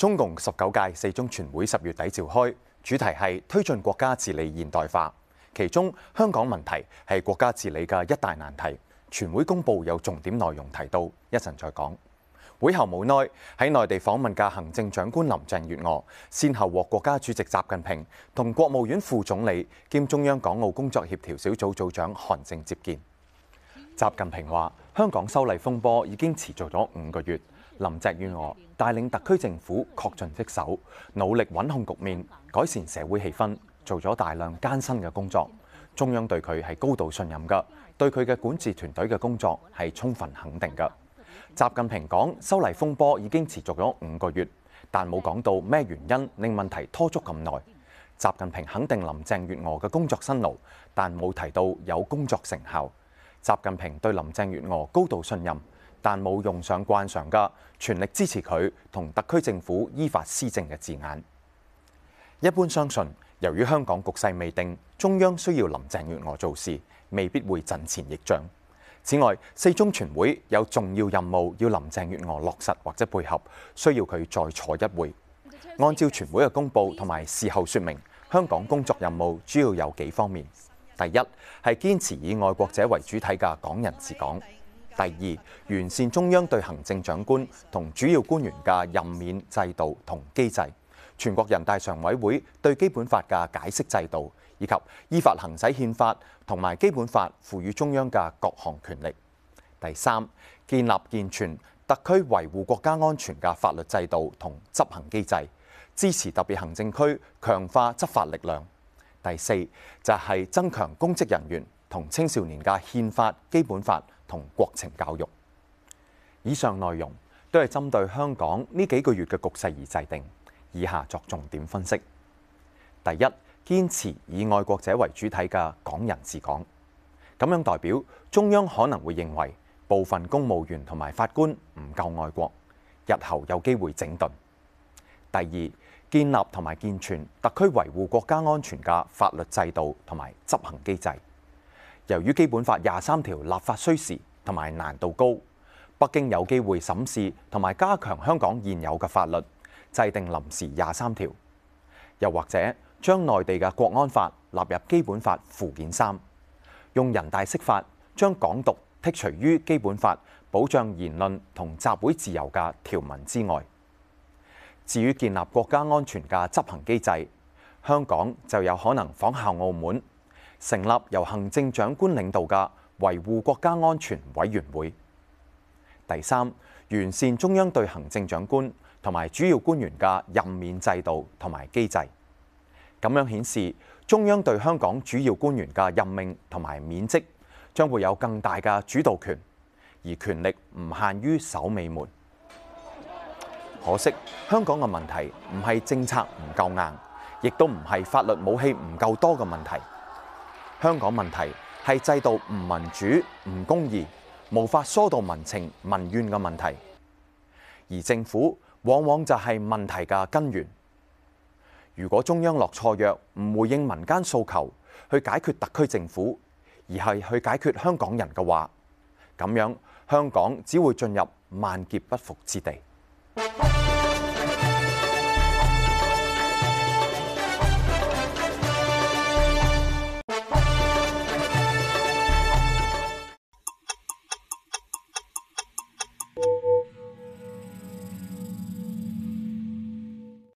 中共十九屆四中全會十月底召開，主題係推進國家治理現代化。其中香港問題係國家治理嘅一大難題。全會公佈有重點內容提到，一陣再講。會後無奈喺內地訪問嘅行政長官林鄭月娥，先後獲國家主席習近平同國務院副總理兼中央港澳工作協調小組組長韓正接見。習近平話：香港修例風波已經持續咗五個月。林鄭月娥帶領特區政府確盡職守，努力穩控局面、改善社會氣氛，做咗大量艱辛嘅工作。中央對佢係高度信任㗎，對佢嘅管治團隊嘅工作係充分肯定㗎。習近平講，修例風波已經持續咗五個月，但冇講到咩原因令問題拖足咁耐。習近平肯定林鄭月娥嘅工作辛勞，但冇提到有工作成效。習近平對林鄭月娥高度信任。但冇用上慣常嘅全力支持佢同特區政府依法施政嘅字眼。一般相信，由於香港局勢未定，中央需要林鄭月娥做事，未必會陣前易將。此外，四中全會有重要任務要林鄭月娥落實或者配合，需要佢再坐一會。按照全會嘅公佈同埋事後說明，香港工作任務主要有幾方面：第一係堅持以愛國者為主體嘅港人治港。第二，完善中央對行政長官同主要官員嘅任免制度同機制；全國人大常委會對基本法嘅解釋制度，以及依法行使憲法同埋基本法賦予中央嘅各項權力。第三，建立健全特區維護國家安全嘅法律制度同執行機制，支持特別行政區強化執法力量。第四，就係增強公職人員同青少年嘅憲法、基本法同國情教育。以上內容都係針對香港呢幾個月嘅局勢而制定。以下作重點分析。第一，堅持以愛國者為主體嘅港人治港，噉樣代表中央可能會認為部分公務員同埋法官唔夠愛國，日後有機會整頓。第二，建立同埋健全特區維護國家安全嘅法律制度同埋執行機制。由於基本法廿三條立法需時同埋難度高，北京有機會審視同埋加強香港現有嘅法律，制定臨時廿三條，又或者將內地嘅國安法納入基本法附件三，用人大釋法將港獨剔除於基本法保障言論同集會自由嘅條文之外。至於建立國家安全嘅執行機制，香港就有可能仿效澳門。成立由行政長官領導嘅維護國家安全委員會。第三，完善中央對行政長官同埋主要官員嘅任免制度同埋機制。咁樣顯示，中央對香港主要官員嘅任命同埋免職，將會有更大嘅主導權，而權力唔限於守尾門。可惜香港嘅問題唔係政策唔夠硬，亦都唔係法律武器唔夠多嘅問題。香港問題係制度唔民主、唔公義，無法疏導民情民怨嘅問題。而政府往往就係問題嘅根源。如果中央落錯藥，唔回應民間訴求，去解決特區政府，而係去解決香港人嘅話，咁樣香港只會進入萬劫不復之地。